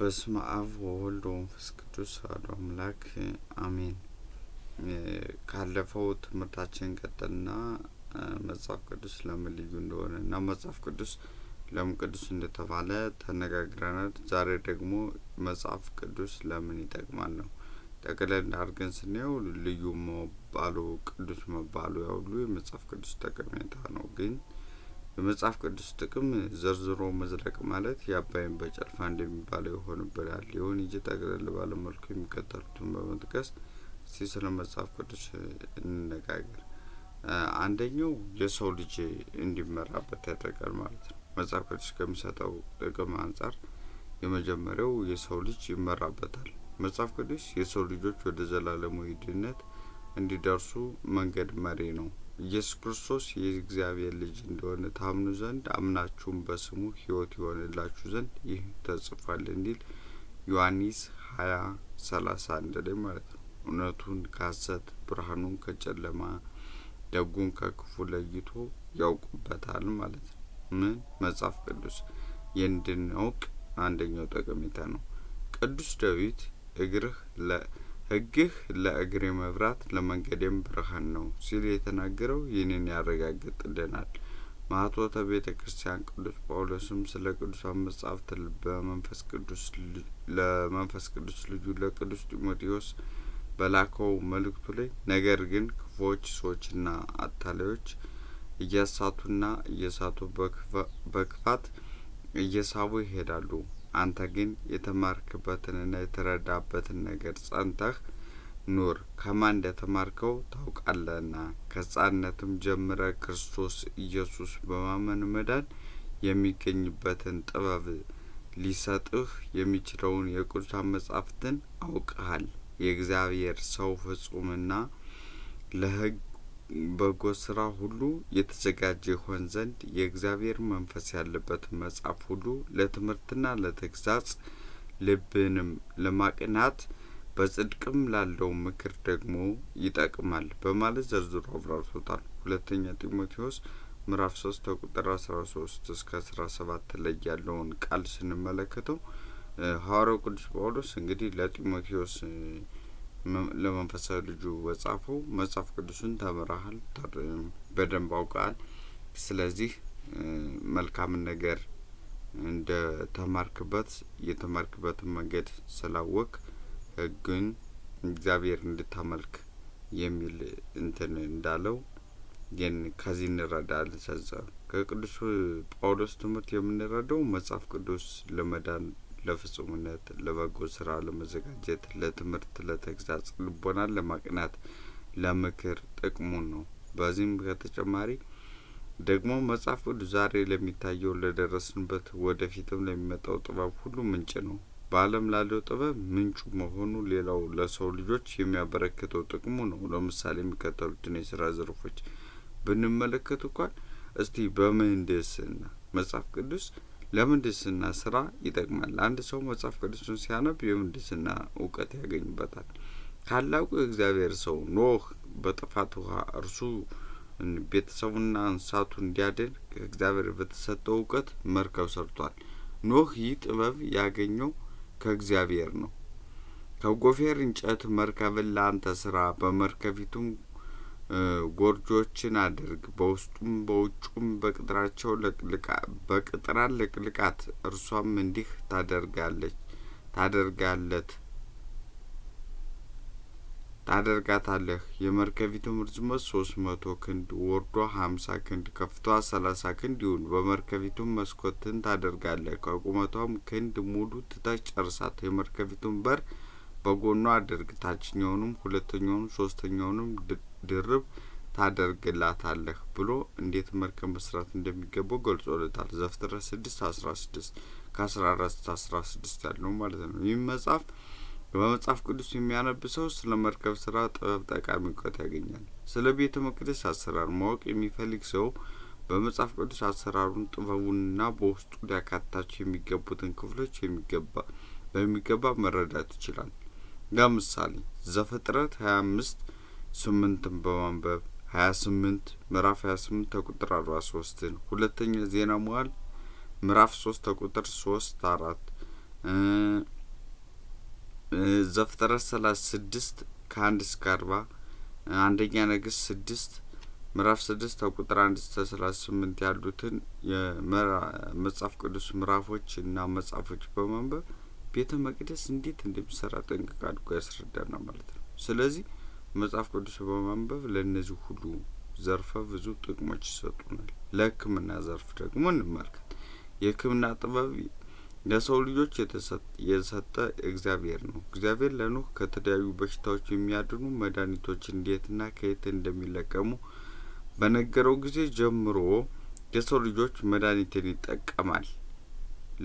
በስመ አብ ወወልድ ወመንፈስ ቅዱስ አሐዱ አምላክ አሜን። ካለፈው ትምህርታችን ቀጥልና መጽሐፍ ቅዱስ ለምን ልዩ እንደሆነ እና መጽሐፍ ቅዱስ ለምን ቅዱስ እንደተባለ ተነጋግረናል። ዛሬ ደግሞ መጽሐፍ ቅዱስ ለምን ይጠቅማል ነው። ጠቅለል አድርገን ስናየው ልዩ መባሉ ቅዱስ መባሉ ያው ሁሉ የመጽሐፍ ቅዱስ ጠቀሜታ ነው ግን በመጽሐፍ ቅዱስ ጥቅም ዘርዝሮ መዝለቅ ማለት የአባይን በጨልፋ እንደሚባለው ይሆንብናል። ይሁን እንጂ ጠቅለል ባለ መልኩ የሚከተሉትን በመጥቀስ እስቲ ስለ መጽሐፍ ቅዱስ እንነጋገር። አንደኛው የሰው ልጅ እንዲመራበት ያደርጋል ማለት ነው። መጽሐፍ ቅዱስ ከሚሰጠው ጥቅም አንጻር የመጀመሪያው የሰው ልጅ ይመራበታል። መጽሐፍ ቅዱስ የሰው ልጆች ወደ ዘላለማዊ ድነት እንዲደርሱ መንገድ መሪ ነው። ኢየሱስ ክርስቶስ የእግዚአብሔር ልጅ እንደሆነ ታምኑ ዘንድ አምናችሁም በስሙ ሕይወት ይሆንላችሁ ዘንድ ይህ ተጽፏል እንዲል ዮሐንስ ሀያ ሰላሳ አንድ ላይ ማለት ነው። እውነቱን ከሐሰት ብርሃኑን ከጨለማ ደጉን ከክፉ ለይቶ ያውቁበታል ማለት ነው። ምን መጽሐፍ ቅዱስ የእንድናውቅ አንደኛው ጠቀሜታ ነው። ቅዱስ ዳዊት እግርህ ሕግህ ለእግሬ መብራት ለመንገዴም ብርሃን ነው ሲል የተናገረው ይህንን ያረጋግጥልናል። ማኅትወተ ቤተ ክርስቲያን ቅዱስ ጳውሎስም ስለ ቅዱሳን መጻሕፍት ለመንፈስ ቅዱስ ልጁ ለቅዱስ ጢሞቴዎስ በላከው መልእክቱ ላይ ነገር ግን ክፉዎች ሰዎችና አታላዮች እያሳቱና እየሳቱ በክፋት እየሳቡ ይሄዳሉ አንተ ግን የተማርክበትንና የተረዳበትን ነገር ጸንተህ ኑር ከማን እንደተማርከው ተማርከው ታውቃለህና ከሕፃንነትም ክርስቶስ ኢየሱስ በማመን መዳን የሚገኝበትን ጥበብ ሊሰጥህ የሚችለውን የቅዱሳን መጻሕፍትን አውቀሃል የእግዚአብሔር ሰው ፍጹምና ለህግ በጎ ስራ ሁሉ የተዘጋጀ ይሆን ዘንድ የእግዚአብሔር መንፈስ ያለበት መጽሐፍ ሁሉ ለትምህርትና ለተግዛጽ ልብንም ለማቅናት በጽድቅም ላለው ምክር ደግሞ ይጠቅማል በማለት ዘርዝሮ አብራርቶታል። ሁለተኛ ጢሞቴዎስ ምዕራፍ ሶስት ከቁጥር አስራ ሶስት እስከ አስራ ሰባት ላይ ያለውን ቃል ስንመለከተው ሐዋርያው ቅዱስ ጳውሎስ እንግዲህ ለጢሞቴዎስ ለመንፈሳዊ ልጁ በጻፈው መጽሐፍ ቅዱስን ተምረሃል፣ በደንብ አውቀሃል። ስለዚህ መልካምን ነገር እንደ ተማርክበት የተማርክበትን መንገድ ስላወቅ ህግን እግዚአብሔር እንድታመልክ የሚል እንትን እንዳለው ግን ከዚህ እንረዳለን። ሰዘ ከቅዱስ ጳውሎስ ትምህርት የምንረዳው መጽሐፍ ቅዱስ ለመዳን ለፍጹምነት፣ ለበጎ ስራ ለመዘጋጀት፣ ለትምህርት፣ ለተግዛጽ፣ ልቦናን ለማቅናት፣ ለምክር ጥቅሙን ነው። በዚህም ከተጨማሪ ደግሞ መጽሐፍ ቅዱስ ዛሬ ለሚታየው ለደረስንበት ወደፊትም ለሚመጣው ጥበብ ሁሉ ምንጭ ነው። በዓለም ላለው ጥበብ ምንጩ መሆኑ ሌላው ለሰው ልጆች የሚያበረክተው ጥቅሙ ነው። ለምሳሌ የሚከተሉትን የስራ ዘርፎች ብንመለከት እንኳን እስቲ በምህንድስና መጽሐፍ ቅዱስ ለምንድስና ስራ ይጠቅማል። አንድ ሰው መጽሐፍ ቅዱስን ሲያነብ የምንድስና እውቀት ያገኝበታል። ታላቁ የእግዚአብሔር ሰው ኖህ በጥፋት ውሃ እርሱ ቤተሰቡና እንስሳቱ እንዲያድን ከእግዚአብሔር በተሰጠው እውቀት መርከብ ሰርቷል። ኖህ ይህ ጥበብ ያገኘው ከእግዚአብሔር ነው። ከጎፌር እንጨት መርከብን ለአንተ ስራ፣ በመርከቢቱም ጎርጆችን አድርግ፣ በውስጡም በውጩም በቅጥራቸው በቅጥራን ልቅልቃት እርሷም እንዲህ ታደርጋለች ታደርጋለት ታደርጋታለህ። የመርከቢቱም ርዝመት ሶስት መቶ ክንድ ወርዶ ሀምሳ ክንድ ከፍቷ ሰላሳ ክንድ ይሁን። በመርከቢቱም መስኮትን ታደርጋለህ። ከቁመቷም ክንድ ሙሉ ትተህ ጨርሳት። የመርከቢቱን በር በጎኗ አድርግ። ታችኛውንም ሁለተኛውንም ሶስተኛውንም ድርብ ታደርግላታለህ ብሎ እንዴት መርከብ መስራት እንደሚገባው ገልጾለታል። ዘፍጥረት ስድስት አስራ ስድስት ከአስራ አራት አስራ ስድስት ያለው ማለት ነው። ይህም መጽሐፍ በመጽሐፍ ቅዱስ የሚያነብ ሰው ስለ መርከብ ስራ ጥበብ ጠቃሚ እውቀት ያገኛል። ስለ ቤተ መቅደስ አሰራር ማወቅ የሚፈልግ ሰው በመጽሐፍ ቅዱስ አሰራሩን ጥበቡንና በውስጡ ሊያካትታቸው የሚገቡትን ክፍሎች የሚገባ በሚገባ መረዳት ይችላል። ለምሳሌ ዘፍጥረት ሀያ አምስት ስምንትን በማንበብ ሀያ ስምንት ምዕራፍ ሀያ ስምንት ተቁጥር አርባ ሶስትን ሁለተኛ ዜና መዋዕል ምዕራፍ ሶስት ተቁጥር ሶስት አራት ዘፍጥረት ሰላሳ ስድስት ከአንድ እስከ አርባ አንደኛ ነገስት ስድስት ምዕራፍ ስድስት ተቁጥር አንድ እስከ ሰላሳ ስምንት ያሉትን የመጽሐፍ ቅዱስ ምዕራፎች እና መጽሐፎች በማንበብ ቤተ መቅደስ እንዴት እንደሚሰራ ጠንቅቃ አድጎ ያስረዳና ማለት ነው። ስለዚህ መጽሐፍ ቅዱስ በማንበብ ለእነዚህ ሁሉ ዘርፈ ብዙ ጥቅሞች ይሰጡናል። ለሕክምና ዘርፍ ደግሞ እንመልከት። የሕክምና ጥበብ ለሰው ልጆች የሰጠ እግዚአብሔር ነው። እግዚአብሔር ለኖህ ከተለያዩ በሽታዎች የሚያድኑ መድኃኒቶች እንዴትና ከየት እንደሚለቀሙ በነገረው ጊዜ ጀምሮ የሰው ልጆች መድኃኒትን ይጠቀማል።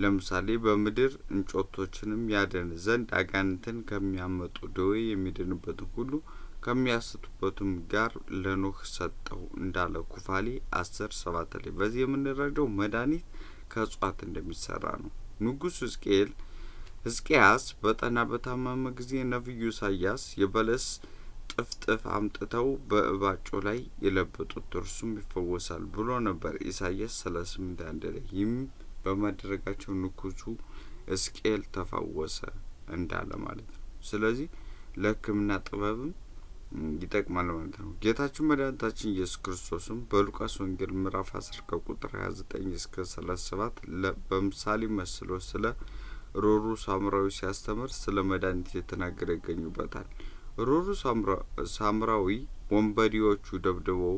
ለምሳሌ በምድር እንጮቶችንም ያደን ዘንድ አጋንንትን ከሚያመጡ ደዌ የሚድንበትን ሁሉ ከሚያስቱበትም ጋር ለኖህ ሰጠው እንዳለ ኩፋሌ አስር ሰባት ላይ በዚህ የምንረዳው መድኃኒት ከእጽዋት እንደሚሰራ ነው። ንጉሡ ሕዝቅኤል ህዝቅያስ በጠና በታመመ ጊዜ ነቢዩ ኢሳያስ የበለስ ጥፍጥፍ አምጥተው በእባጩ ላይ የለበጡት እርሱም ይፈወሳል ብሎ ነበር ኢሳያስ ሰላሳ ስምንት አንድ ላይ ይህም በማድረጋቸው ንጉሱ ሕዝቅኤል ተፈወሰ እንዳለ ማለት ነው። ስለዚህ ለህክምና ጥበብም ይጠቅማል ማለት ነው። ጌታችን መድኃኒታችን ኢየሱስ ክርስቶስም በሉቃስ ወንጌል ምዕራፍ 10 ከቁጥር 29 እስከ 37 በምሳሌ መስሎ ስለ ሮሩ ሳምራዊ ሲያስተምር ስለ መድኃኒት የተናገረ ይገኙበታል። ሮሩ ሳምራዊ ወንበዴዎቹ ደብድበው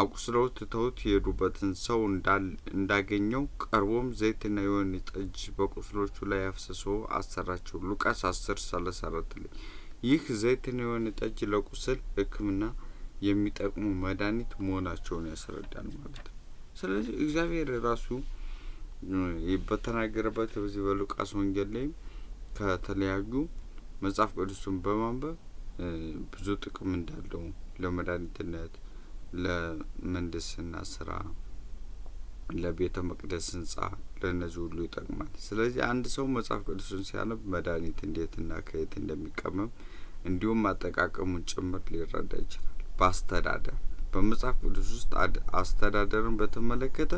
አቁስለው ትተውት የሄዱበትን ሰው እንዳገኘው ቀርቦም ዘይትና የወይን ጠጅ በቁስሎቹ ላይ አፍስሶ አሰራቸው። ሉቃስ 10 34 ላይ ይህ ዘይትና የሆነ ጠጅ ለቁስል ሕክምና የሚጠቅሙ መድኃኒት መሆናቸውን ያስረዳል ማለት ነው። ስለዚህ እግዚአብሔር ራሱ በተናገረበት በዚህ በሉቃስ ወንጌል ላይም ከተለያዩ መጽሐፍ ቅዱስን በማንበብ ብዙ ጥቅም እንዳለው ለመድኃኒትነት፣ ለምህንድስና ስራ ለቤተ መቅደስ ህንጻ፣ ለእነዚህ ሁሉ ይጠቅማል። ስለዚህ አንድ ሰው መጽሐፍ ቅዱስን ሲያነብ መድኃኒት እንዴትና ከየት እንደሚቀመም እንዲሁም አጠቃቀሙን ጭምር ሊረዳ ይችላል። በአስተዳደር በመጽሐፍ ቅዱስ ውስጥ አስተዳደርን በተመለከተ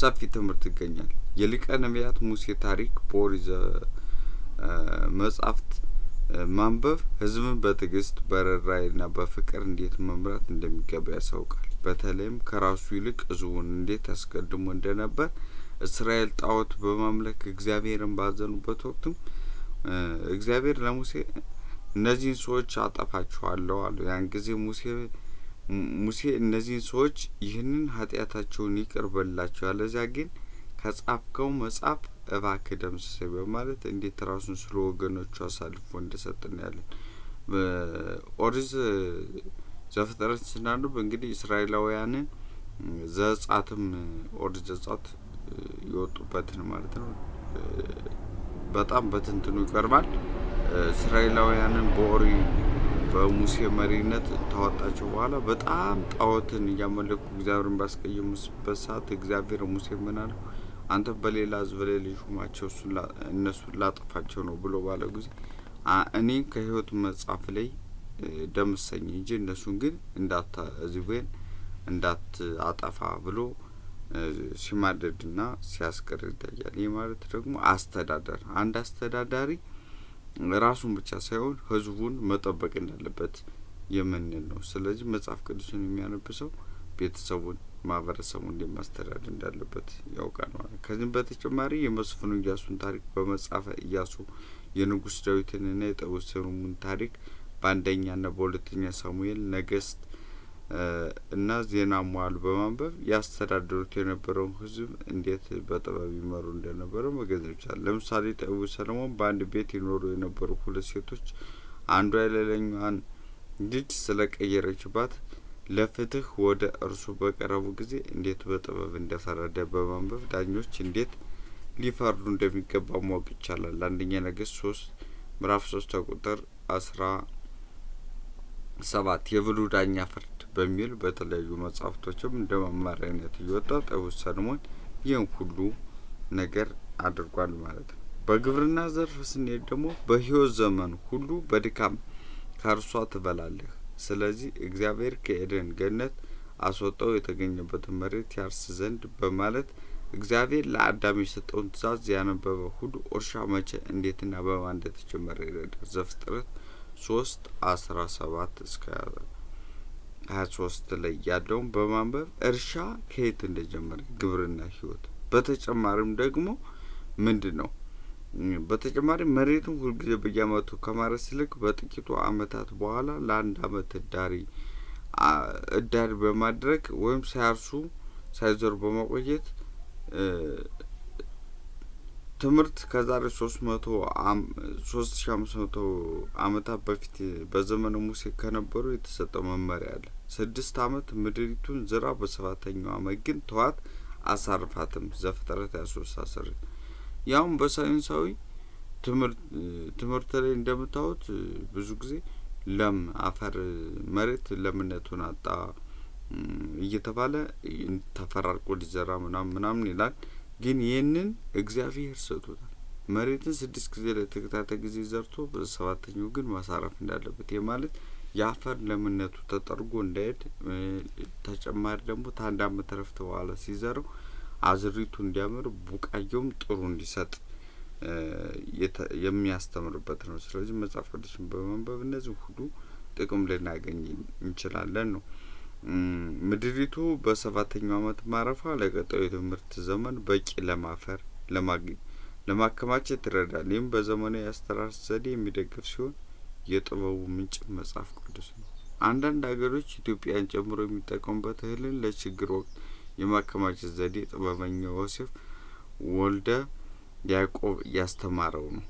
ሰፊ ትምህርት ይገኛል። የሊቀ ነቢያት ሙሴ ታሪክ በኦሪት መጻሕፍት ማንበብ ህዝብን በትዕግስት በርኅራኄና በፍቅር እንዴት መምራት እንደሚገባ ያሳውቃል። በተለይም ከራሱ ይልቅ ሕዝቡን እንዴት አስቀድሞ እንደነበር እስራኤል ጣዖት በማምለክ እግዚአብሔርን ባዘኑበት ወቅትም እግዚአብሔር ለሙሴ እነዚህን ሰዎች አጠፋችኋለሁ አለው። ያን ጊዜ ሙሴ ሙሴ እነዚህን ሰዎች ይህንን ኃጢአታቸውን ይቅር በላቸው፣ ያለዚያ ግን ከጻፍከው መጽሐፍ እባክ ደምስሰኝ በማለት እንዴት ራሱን ስለ ወገኖቹ አሳልፎ እንደሰጥ እናያለን። ኦሪት ዘፍጥረት ስናነብ እንግዲህ እስራኤላውያንን ዘጻትም ኦርድ ዘጻት የወጡበትን ማለት ነው በጣም በትንትኑ ይቀርባል። እስራኤላውያንን በኦሪ በሙሴ መሪነት ታወጣቸው በኋላ በጣም ጣዖትን እያመለኩ እግዚአብሔርን ባስቀየሙበት ሰዓት እግዚአብሔር ሙሴ ምን አንተ በሌላ ሕዝብ ላይ ሹማቸው እነሱን ላጠፋቸው ነው ብሎ ባለው ጊዜ እኔ ከህይወት መጽሐፍ ላይ ደምሰኝ እንጂ እነሱን ግን እንዳታ እዚህ ወይን እንዳት አጠፋ ብሎ ሲማደድና ሲያስቀር ይታያል። ይህ ማለት ደግሞ አስተዳደር አንድ አስተዳዳሪ ራሱን ብቻ ሳይሆን ህዝቡን መጠበቅ እንዳለበት የምንል ነው። ስለዚህ መጽሐፍ ቅዱስን የሚያነብ ሰው ቤተሰቡን፣ ማህበረሰቡን ሊማስተዳድ እንዳለበት ያውቃል ማለት ነው። ከዚህም በተጨማሪ የመስፍኑ እያሱን ታሪክ በመጽሐፈ እያሱ የንጉስ ዳዊትንና የጠቢቡ ሰሎሞንን ታሪክ በአንደኛና በሁለተኛ ሳሙኤል ነገስት እና ዜና መዋዕል በማንበብ ያስተዳደሩት የነበረውን ህዝብ እንዴት በጥበብ ይመሩ እንደነበረ መገንዘብ ይቻላል። ለምሳሌ ጠቢቡ ሰለሞን በአንድ ቤት ይኖሩ የነበሩ ሁለት ሴቶች አንዷ የሌላኛዋን ልጅ ስለ ቀየረችባት ለፍትህ ወደ እርሱ በቀረቡ ጊዜ እንዴት በጥበብ እንደፈረደ በማንበብ ዳኞች እንዴት ሊፈርዱ እንደሚገባ ማወቅ ይቻላል። አንደኛ ነገስት ሶስት ምዕራፍ ሶስት ከቁጥር አስራ ሰባት የብሉ ዳኛ ፍርድ በሚል በተለያዩ መጽሐፍቶችም እንደ መማሪያነት እየወጣ ጣይሁድ ሰለሞን ይህን ሁሉ ነገር አድርጓል ማለት ነው። በግብርና ዘርፍ ስንሄድ ደግሞ በህይወት ዘመን ሁሉ በድካም ከእርሷ ትበላለህ። ስለዚህ እግዚአብሔር ከኤደን ገነት አስወጣው የተገኘበትን መሬት ያርስ ዘንድ በማለት እግዚአብሔር ለአዳም የሰጠውን ትእዛዝ ያነበበ ሁሉ እርሻ መቼ እንዴትና በማን እንደተጀመረ ይረዳል። ዘፍጥረት ሶስት አስራ ሰባት እስከ ሀያ ሶስት ላይ ያለውን በማንበብ እርሻ ከየት እንደጀመረ ግብርና ህይወት በተጨማሪም ደግሞ ምንድን ነው በተጨማሪ መሬቱን ሁልጊዜ በየአመቱ ከማረስ ይልቅ በጥቂቱ አመታት በኋላ ለአንድ አመት እዳሪ እዳሪ በማድረግ ወይም ሳያርሱ ሳይዘሩ በማቆየት ትምህርት ከዛሬ 3500 ዓመታት በፊት በዘመነ ሙሴ ከነበሩ የተሰጠው መመሪያ አለ። ስድስት ዓመት ምድሪቱን ዝራ፣ በሰባተኛው ዓመት ግን ተዋት አሳርፋትም። ዘፍጥረት 23 አስር ያውም በሳይንሳዊ ትምህርት ላይ እንደምታዩት ብዙ ጊዜ ለም አፈር መሬት ለምነቱን አጣ እየተባለ ተፈራርቆ ሊዘራ ምናምን ምናምን ይላል። ግን ይህንን እግዚአብሔር ሰጥቶታል። መሬትን ስድስት ጊዜ ለተከታታይ ጊዜ ዘርቶ በሰባተኛው ግን ማሳረፍ እንዳለበት ይህ ማለት የአፈር ለምነቱ ተጠርጎ እንዳይሄድ ተጨማሪ ደግሞ ታንድ አመት ረፍት በኋላ ሲዘረው አዝሪቱ እንዲያምር ቡቃየውም ጥሩ እንዲሰጥ የሚያስተምርበት ነው። ስለዚህ መጽሐፍ ቅዱስን በማንበብ እነዚህ ሁሉ ጥቅም ልናገኝ እንችላለን ነው። ምድሪቱ በሰባተኛው ዓመት ማረፏ ለቀጣዩ የትምህርት ዘመን በቂ ለማፈር ለማከማቸት ይረዳል። ይህም በዘመናዊ የአስተራረስ ዘዴ የሚደገፍ ሲሆን የጥበቡ ምንጭ መጽሐፍ ቅዱስ ነው። አንዳንድ ሀገሮች ኢትዮጵያን ጨምሮ የሚጠቀሙበት እህልን ለችግር ወቅት የማከማቸት ዘዴ ጥበበኛው ዮሴፍ ወልደ ያዕቆብ ያስተማረው ነው።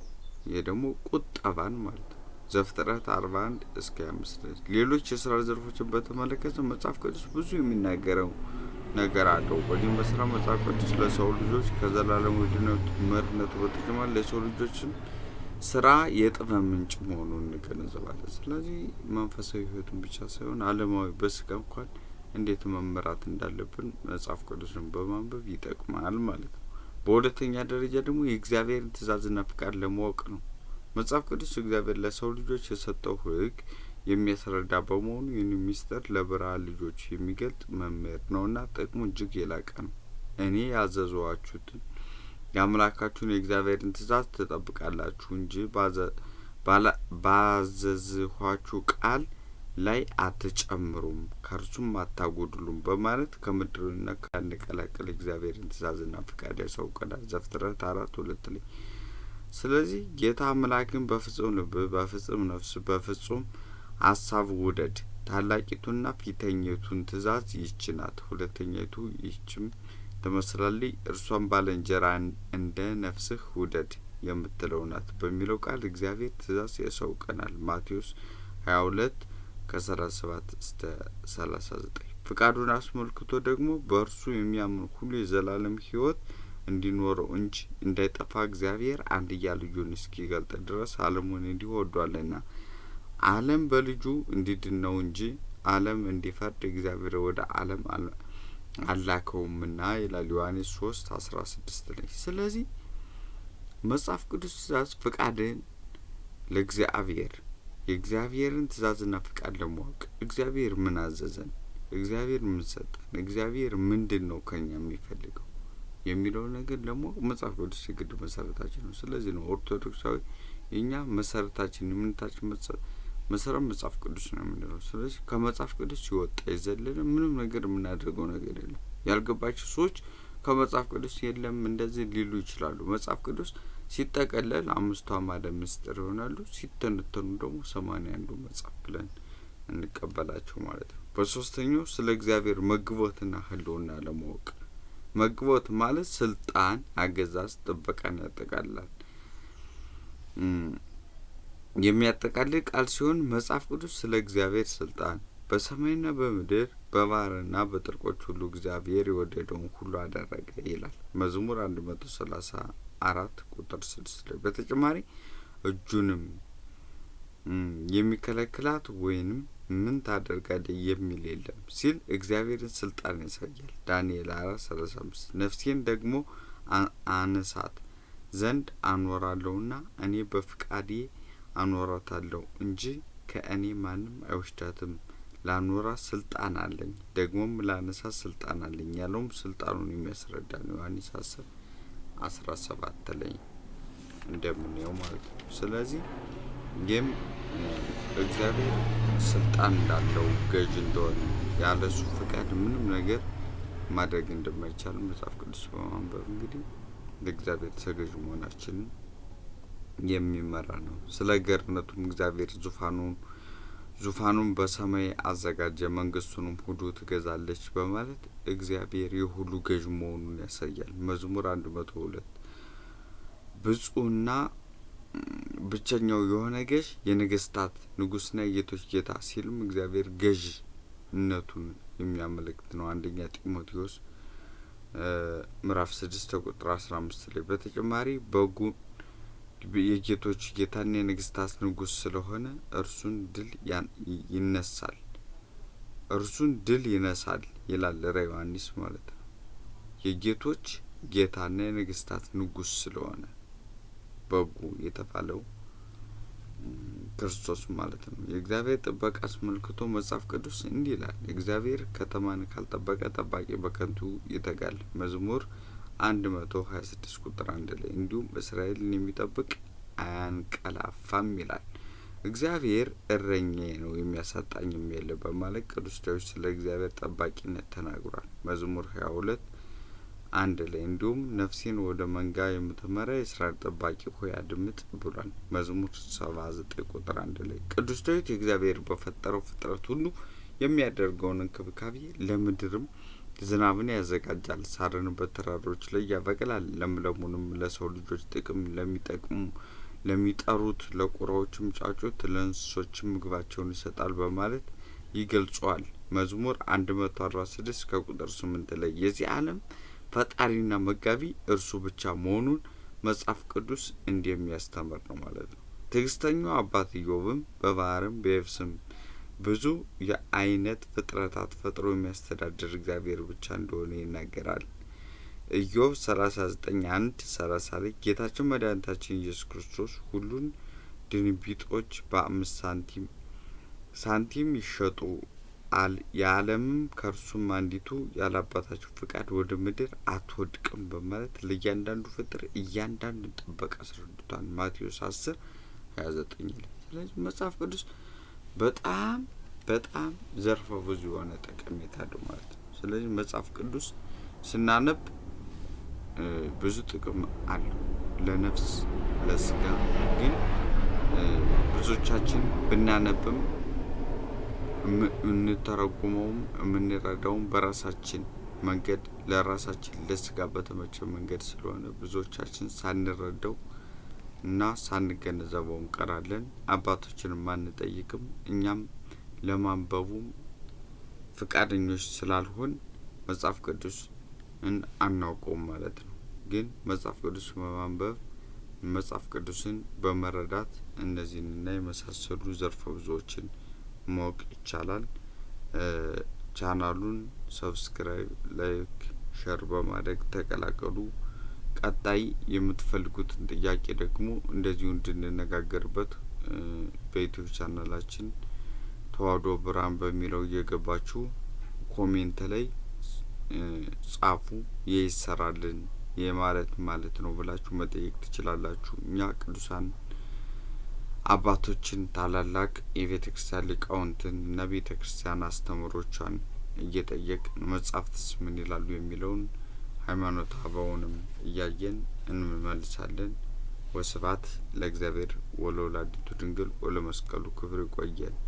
ይህ ደግሞ ቁጠባን ማለት ዘፍጥረት 41 እስከ 5 ሌሎች የስራ ዘርፎችን በተመለከተ መጽሐፍ ቅዱስ ብዙ የሚናገረው ነገር አለው። በዚህም በስራ መጽሐፍ ቅዱስ ለሰው ልጆች ከዘላለም ድነት መርነቱ በተጨማሪ ለሰው ልጆችም ስራ የጥበብ ምንጭ መሆኑን እንገነዘባለን። ስለዚህ መንፈሳዊ ህይወትን ብቻ ሳይሆን አለማዊ በስጋ እንኳን እንዴት መመራት እንዳለብን መጽሐፍ ቅዱስን በማንበብ ይጠቅማል ማለት ነው። በሁለተኛ ደረጃ ደግሞ የእግዚአብሔርን ትእዛዝና ፍቃድ ለማወቅ ነው። መጽሐፍ ቅዱስ እግዚአብሔር ለሰው ልጆች የሰጠው ሕግ የሚያስረዳ በመሆኑ ይህን ምስጢር ለብርሃን ልጆች የሚገልጥ መምህር ነውና ጥቅሙ እጅግ የላቀ ነው። እኔ ያዘዝኋችሁትን የአምላካችሁን የእግዚአብሔርን ትእዛዝ ትጠብቃላችሁ እንጂ ባዘዝኋችሁ ቃል ላይ አትጨምሩም፣ ከእርሱም አታጎድሉም በማለት ከምድርና ከንቀላቀል እግዚአብሔርን ትእዛዝና ፍቃድ ያሳውቀናል። ዘፍጥረት አራት ሁለት ላይ ስለዚህ ጌታ አምላክን በፍጹም ልብ፣ በፍጹም ነፍስ በፍጹም ሀሳብ ውደድ። ታላቂቱና ፊተኛይቱን ትእዛዝ ይች ናት። ሁለተኛይቱ ይችም ትመስላለች፣ እርሷን ባልንጀራ እንደ ነፍስህ ውደድ የምትለው ናት በሚለው ቃል እግዚአብሔር ትእዛዝ ያሳውቀናል። ማቴዎስ 22 ከ 37 እስከ 39 ፍቃዱን አስመልክቶ ደግሞ በእርሱ የሚያምኑ ሁሉ የዘላለም ሕይወት እንዲኖረው እንጂ እንዳይጠፋ እግዚአብሔር አንድያ ልጁን እስኪገልጥ ድረስ ዓለሙን እንዲህ ወዷልና ዓለም በልጁ እንዲድን ነው እንጂ ዓለም እንዲፈርድ እግዚአብሔር ወደ ዓለም አላከውምና ይላል ዮሐንስ ሶስት አስራ ስድስት ላይ ስለዚህ መጽሐፍ ቅዱስ ትእዛዝ ፍቃድን ለእግዚአብሔር የእግዚአብሔርን ትእዛዝና ፍቃድ ለማወቅ እግዚአብሔር ምን አዘዘን፣ እግዚአብሔር ምን ሰጠን፣ እግዚአብሔር ምንድን ነው ከኛ የሚፈልገው የሚለው ነገር ደግሞ መጽሐፍ ቅዱስ የግድ መሰረታችን ነው። ስለዚህ ነው ኦርቶዶክሳዊ የእኛ መሰረታችን የምንታችን መሰረት መጽሐፍ ቅዱስ ነው የምንለው። ስለዚህ ከመጽሐፍ ቅዱስ ሲወጣ የዘለለ ምንም ነገር የምናደርገው ነገር የለም። ያልገባቸው ሰዎች ከመጽሐፍ ቅዱስ የለም እንደዚህ ሊሉ ይችላሉ። መጽሐፍ ቅዱስ ሲጠቀለል አምስቱ አማደ ምስጢር ይሆናሉ። ሲተነተኑ ደግሞ ሰማንያ አንዱ መጽሐፍ ብለን እንቀበላቸው ማለት ነው። በሶስተኛው ስለ እግዚአብሔር መግቦትና ህልውና ለማወቅ መግቦት ማለት ስልጣን፣ አገዛዝ፣ ጥበቃን ያጠቃልላል የሚያጠቃልል ቃል ሲሆን መጽሐፍ ቅዱስ ስለ እግዚአብሔር ስልጣን በሰማይና በምድር በባህርና በጥልቆች ሁሉ እግዚአብሔር የወደደውን ሁሉ አደረገ ይላል። መዝሙር አንድ መቶ ሰላሳ አራት ቁጥር ስድስት ላይ በተጨማሪ እጁንም የሚከለክላት ወይንም ምን ታደርጋለህ የሚል የለም ሲል እግዚአብሔርን ስልጣን ያሳያል። ዳንኤል አራት ሰላሳ አምስት ነፍሴን ደግሞ አነሳት ዘንድ አኖራለሁና እኔ በፍቃዴ አኖራታለሁ እንጂ ከእኔ ማንም አይወስዳትም። ላኖራ ስልጣን አለኝ ደግሞም ላነሳ ስልጣን አለኝ ያለውም ስልጣኑን የሚያስረዳ ነው። ዮሐንስ አስር አስራ ሰባት ላይ እንደምናየው ማለት ነው። ስለዚህ ይህም እግዚአብሔር ስልጣን እንዳለው ገዥ እንደሆነ ያለ እሱ ፍቃድ ምንም ነገር ማድረግ እንደማይቻል መጽሐፍ ቅዱስ በማንበብ እንግዲህ ለእግዚአብሔር ተገዥ መሆናችን የሚመራ ነው። ስለ ገርነቱም እግዚአብሔር ዙፋኑን ዙፋኑን በሰማይ አዘጋጀ፣ መንግስቱንም ሁሉ ትገዛለች በማለት እግዚአብሔር የሁሉ ገዥ መሆኑን ያሳያል። መዝሙር አንድ መቶ ሁለት ብፁና ብቸኛው የሆነ ገዥ የነገስታት ንጉስና የጌቶች ጌታ ሲልም እግዚአብሔር ገዥነቱን የሚያመለክት ነው። አንደኛ ጢሞቴዎስ ምዕራፍ ስድስት ቁጥር አስራ አምስት ላይ በተጨማሪ በጉ የጌቶች ጌታና የነገስታት ንጉስ ስለሆነ እርሱን ድል ይነሳል እርሱን ድል ይነሳል ይላል ራ ዮሐንስ ማለት ነው። የጌቶች ጌታና የነገስታት ንጉስ ስለሆነ በጉ የተባለው ክርስቶስ ማለት ነው። የእግዚአብሔር ጥበቃ አስመልክቶ መጽሐፍ ቅዱስ እንዲህ ይላል፣ እግዚአብሔር ከተማን ካልጠበቀ ጠባቂ በከንቱ ይተጋል። መዝሙር 126 ቁጥር 1 ላይ እንዲሁም እስራኤልን የሚጠብቅ አያንቀላፋም ይላል። እግዚአብሔር እረኛዬ ነው የሚያሳጣኝም የለም በማለት ቅዱስ ዳዊት ስለ እግዚአብሔር ጠባቂነት ተናግሯል። መዝሙር 22 አንድ ላይ እንዲሁም ነፍሴን ወደ መንጋ የምትመራ የእስራኤል ጠባቂ ሆይ አድምጥ ብሏል። መዝሙር ሰባ ዘጠኝ ቁጥር አንድ ላይ ቅዱስ ዳዊት የእግዚአብሔር በፈጠረው ፍጥረት ሁሉ የሚያደርገውን እንክብካቤ ለምድርም ዝናብን ያዘጋጃል፣ ሳርን በተራሮች ላይ ያበቅላል፣ ለምለሙንም ለሰው ልጆች ጥቅም ለሚጠቅሙ ለሚጠሩት ለቁራዎችም ጫጩት ለእንስሶችም ምግባቸውን ይሰጣል በማለት ይገልጸዋል። መዝሙር አንድ መቶ አርባ ስድስት ከቁጥር ስምንት ላይ የዚህ ዓለም ፈጣሪና መጋቢ እርሱ ብቻ መሆኑን መጽሐፍ ቅዱስ እንደሚያስተምር ነው ማለት ነው። ትዕግስተኛው አባት ኢዮብም በባህርም በየብስም ብዙ የአይነት ፍጥረታት ፈጥሮ የሚያስተዳድር እግዚአብሔር ብቻ እንደሆነ ይናገራል። ኢዮብ 391 30 ላይ ጌታችን መድኃኒታችን ኢየሱስ ክርስቶስ ሁሉን ድንቢጦች በአምስት ሳንቲም ሳንቲም ይሸጡ የዓለምም ከእርሱም አንዲቱ ያላባታቸው ፈቃድ ወደ ምድር አትወድቅም በማለት ለእያንዳንዱ ፍጥር እያንዳንዱን ጥበቃ አስረድቷል። ማቴዎስ አስር ሀያ ዘጠኝ ላይ። ስለዚህ መጽሐፍ ቅዱስ በጣም በጣም ዘርፈ ብዙ የሆነ ጠቀሜታ አለው ማለት ነው። ስለዚህ መጽሐፍ ቅዱስ ስናነብ ብዙ ጥቅም አለው ለነፍስ ለስጋ ግን ብዙዎቻችን ብናነብም እንተረጉመውም የምንረዳውም በራሳችን መንገድ ለራሳችን ለስጋ በተመቸ መንገድ ስለሆነ ብዙዎቻችን ሳንረዳው እና ሳንገነዘበው እንቀራለን። አባቶችንም አንጠይቅም። እኛም ለማንበቡም ፍቃደኞች ስላልሆን መጽሐፍ ቅዱስን አናውቀውም ማለት ነው። ግን መጽሐፍ ቅዱስ በማንበብ መጽሐፍ ቅዱስን በመረዳት እነዚህንና የመሳሰሉ ዘርፈ ብዙዎችን ማወቅ ይቻላል። ቻናሉን ሰብስክራይብ፣ ላይክ፣ ሸር በማድረግ ተቀላቀሉ። ቀጣይ የምትፈልጉትን ጥያቄ ደግሞ እንደዚሁ እንድንነጋገርበት በዩቱብ ቻናላችን ተዋህዶ ብርሃን በሚለው እየገባችሁ ኮሜንት ላይ ጻፉ። ይህ ይሰራልን ማለት ማለት ነው ብላችሁ መጠየቅ ትችላላችሁ። እኛ ቅዱሳን አባቶችን ታላላቅ የቤተክርስቲያን ሊቃውንትን እና ቤተ ክርስቲያን አስተምሮቿን እየጠየቅን መጻሕፍትስ ምን ይላሉ የሚለውን ሃይማኖት አበውንም እያየን እንመልሳለን። ወስብሐት ለእግዚአብሔር ወለወላዲቱ ድንግል ወለመስቀሉ ክብር ይቆየን።